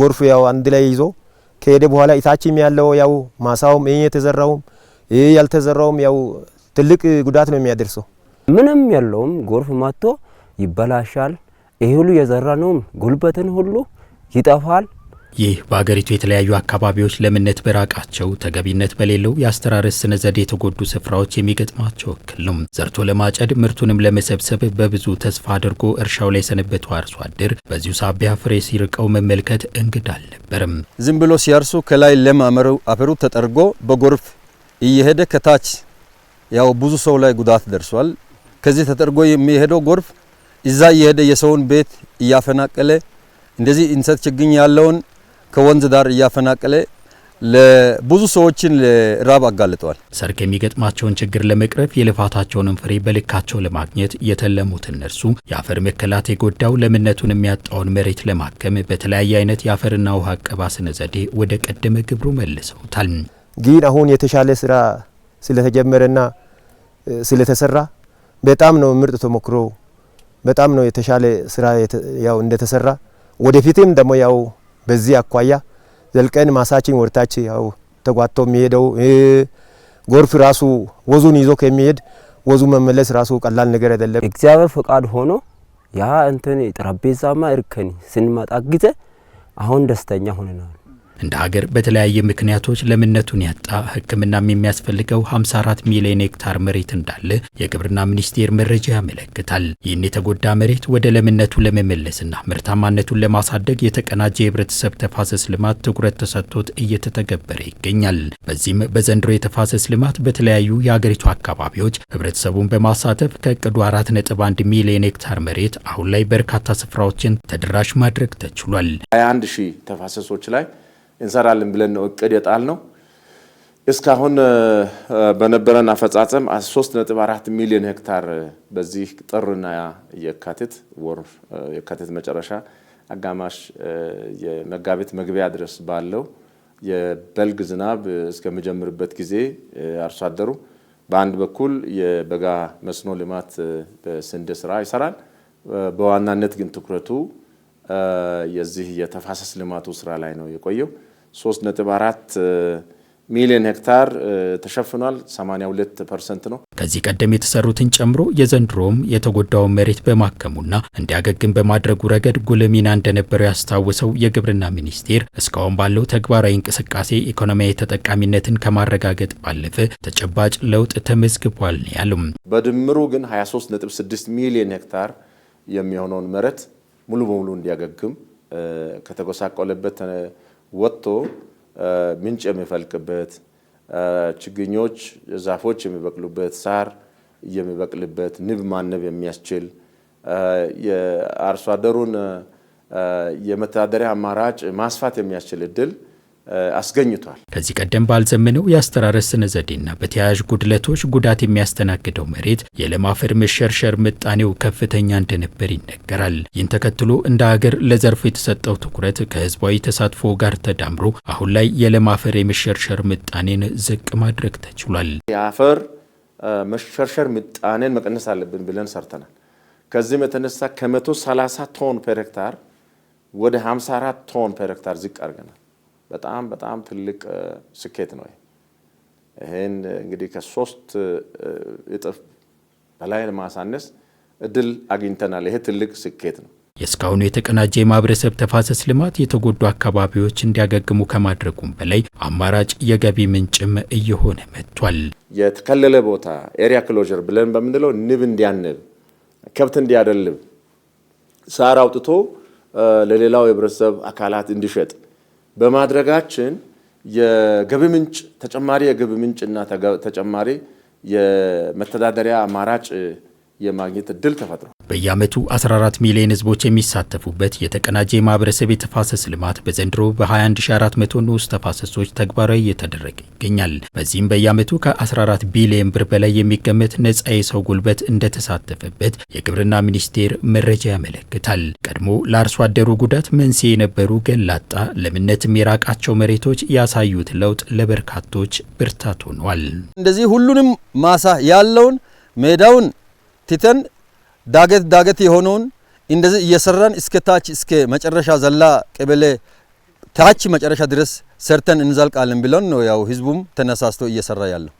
ጎርፍ ያው አንድ ላይ ይዞ ከሄደ በኋላ እታችም ያለው ያው ማሳውም ይህ የተዘራውም ይህ ያልተዘራውም ያው ትልቅ ጉዳት ነው የሚያደርሰው። ምንም ያለውም ጎርፍ መጥቶ ይበላሻል። ይህ ሁሉ የዘራ ነውም ጉልበትን ሁሉ ይጠፋል። ይህ በሀገሪቱ የተለያዩ አካባቢዎች ለምነት በራቃቸው ተገቢነት በሌለው የአስተራረስ ስነ ዘዴ የተጎዱ ስፍራዎች የሚገጥማቸው እክል ነው። ዘርቶ ለማጨድ ምርቱንም ለመሰብሰብ በብዙ ተስፋ አድርጎ እርሻው ላይ የሰነበቱ አርሶ አደር በዚሁ ሳቢያ ፍሬ ሲርቀው መመልከት እንግዳ አልነበርም። ዝም ብሎ ሲያርሱ ከላይ ለም አፈሩ ተጠርጎ በጎርፍ እየሄደ ከታች ያው ብዙ ሰው ላይ ጉዳት ደርሷል። ከዚህ ተጠርጎ የሚሄደው ጎርፍ እዛ እየሄደ የሰውን ቤት እያፈናቀለ እንደዚህ እንሰት ችግኝ ያለውን ከወንዝ ዳር እያፈናቀለ ለብዙ ሰዎችን ራብ አጋልጠዋል። ሰርክ የሚገጥማቸውን ችግር ለመቅረፍ የልፋታቸውንም ፍሬ በልካቸው ለማግኘት የተለሙት እነርሱ የአፈር መከላት የጎዳው ለምነቱን የሚያጣውን መሬት ለማከም በተለያየ አይነት የአፈርና ውሃ አቀባ ዘዴ ወደ ቀደመ ግብሩ መልሰውታል። ግን አሁን የተሻለ ስራ ስለተጀመረና ስለተሰራ በጣም ነው ምርጥ ተሞክሮ፣ በጣም ነው የተሻለ ስራ ያው እንደተሰራ ወደፊትም ደግሞ ያው በዚህ አኳያ ዘልቀን ማሳችን ወርታች ያው ተጓቶ የሚሄደው ጎርፍ ራሱ ወዙን ይዞ ከሚሄድ ወዙ መመለስ ራሱ ቀላል ነገር አይደለም። እግዚአብሔር ፈቃድ ሆኖ ያ እንትን ጠረጴዛማ እርከን ስንመጣ ጊዜ አሁን ደስተኛ ሆነናል። እንደ ሀገር በተለያየ ምክንያቶች ለምነቱን ያጣ ሕክምናም የሚያስፈልገው 54 ሚሊዮን ሄክታር መሬት እንዳለ የግብርና ሚኒስቴር መረጃ ያመለክታል። ይህን የተጎዳ መሬት ወደ ለምነቱ ለመመለስና ምርታማነቱን ለማሳደግ የተቀናጀ የህብረተሰብ ተፋሰስ ልማት ትኩረት ተሰጥቶት እየተተገበረ ይገኛል። በዚህም በዘንድሮ የተፋሰስ ልማት በተለያዩ የአገሪቱ አካባቢዎች ህብረተሰቡን በማሳተፍ ከእቅዱ 4.1 ሚሊዮን ሄክታር መሬት አሁን ላይ በርካታ ስፍራዎችን ተደራሽ ማድረግ ተችሏል። 21 ሺህ ተፋሰሶች ላይ እንሰራለን ብለን ነው እቅድ የጣል ነው። እስካሁን በነበረን አፈጻጸም 3.4 ሚሊዮን ሄክታር በዚህ ጥርና የካቲት ወር የካቲት መጨረሻ አጋማሽ የመጋቢት መግቢያ ድረስ ባለው የበልግ ዝናብ እስከሚጀምርበት ጊዜ አርሶ አደሩ በአንድ በኩል የበጋ መስኖ ልማት በስንዴ ስራ ይሰራል። በዋናነት ግን ትኩረቱ የዚህ የተፋሰስ ልማቱ ስራ ላይ ነው የቆየው። 3.4 ሚሊዮን ሄክታር ተሸፍኗል። 82 ፐርሰንት ነው። ከዚህ ቀደም የተሰሩትን ጨምሮ የዘንድሮም የተጎዳውን መሬት በማከሙና እንዲያገግም በማድረጉ ረገድ ጉልህ ሚና እንደነበረው ያስታውሰው የግብርና ሚኒስቴር እስካሁን ባለው ተግባራዊ እንቅስቃሴ ኢኮኖሚያዊ ተጠቃሚነትን ከማረጋገጥ ባለፈ ተጨባጭ ለውጥ ተመዝግቧል ነው ያሉም። በድምሩ ግን 23.6 ሚሊዮን ሄክታር የሚሆነውን መሬት ሙሉ በሙሉ እንዲያገግም ከተጎሳቆለበት ወጥቶ ምንጭ የሚፈልቅበት ችግኞች፣ ዛፎች የሚበቅሉበት ሳር የሚበቅልበት ንብ ማነብ የሚያስችል የአርሶ አደሩን የመተዳደሪያ አማራጭ ማስፋት የሚያስችል እድል አስገኝቷል። ከዚህ ቀደም ባልዘመነው የአስተራረስ ስነ ዘዴና በተያያዥ ጉድለቶች ጉዳት የሚያስተናግደው መሬት የለም አፈር መሸርሸር ምጣኔው ከፍተኛ እንደነበር ይነገራል። ይህን ተከትሎ እንደ ሀገር ለዘርፉ የተሰጠው ትኩረት ከህዝባዊ ተሳትፎ ጋር ተዳምሮ አሁን ላይ የለም አፈር የመሸርሸር ምጣኔን ዝቅ ማድረግ ተችሏል። የአፈር መሸርሸር ምጣኔን መቀነስ አለብን ብለን ሰርተናል። ከዚህም የተነሳ ከ130 ቶን ፐር ሄክታር ወደ 54 ቶን ፐር ሄክታር ዝቅ አድርገናል። በጣም በጣም ትልቅ ስኬት ነው። ይህን እንግዲህ ከሶስት እጥፍ በላይ ለማሳነስ እድል አግኝተናል። ይሄ ትልቅ ስኬት ነው። የእስካሁኑ የተቀናጀ የማህበረሰብ ተፋሰስ ልማት የተጎዱ አካባቢዎች እንዲያገግሙ ከማድረጉም በላይ አማራጭ የገቢ ምንጭም እየሆነ መጥቷል። የተከለለ ቦታ ኤሪያ ክሎዥር ብለን በምንለው ንብ እንዲያንብ፣ ከብት እንዲያደልብ፣ ሳር አውጥቶ ለሌላው የህብረተሰብ አካላት እንዲሸጥ በማድረጋችን የገቢ ምንጭ ተጨማሪ የገቢ ምንጭና ተጨማሪ የመተዳደሪያ አማራጭ የማግኘት እድል ተፈጥሯል። በየዓመቱ 14 ሚሊዮን ህዝቦች የሚሳተፉበት የተቀናጀ የማህበረሰብ የተፋሰስ ልማት በዘንድሮ በ21400 ንዑስ ተፋሰሶች ተግባራዊ እየተደረገ ይገኛል። በዚህም በየዓመቱ ከ14 ቢሊዮን ብር በላይ የሚገመት ነጻ የሰው ጉልበት እንደተሳተፈበት የግብርና ሚኒስቴር መረጃ ያመለክታል። ቀድሞ ለአርሶ አደሩ ጉዳት መንስኤ የነበሩ ገላጣ ለምነትም የራቃቸው መሬቶች ያሳዩት ለውጥ ለበርካቶች ብርታት ሆኗል። እንደዚህ ሁሉንም ማሳ ያለውን ሜዳውን ትተን ዳገት ዳገት የሆነውን እንደዚህ እየሰራን እስከ ታች እስከ መጨረሻ ዘላ ቀበሌ ታች መጨረሻ ድረስ ሰርተን እንዘልቃለን ብለን ነው ያው ህዝቡም ተነሳስቶ እየሰራ ያለው።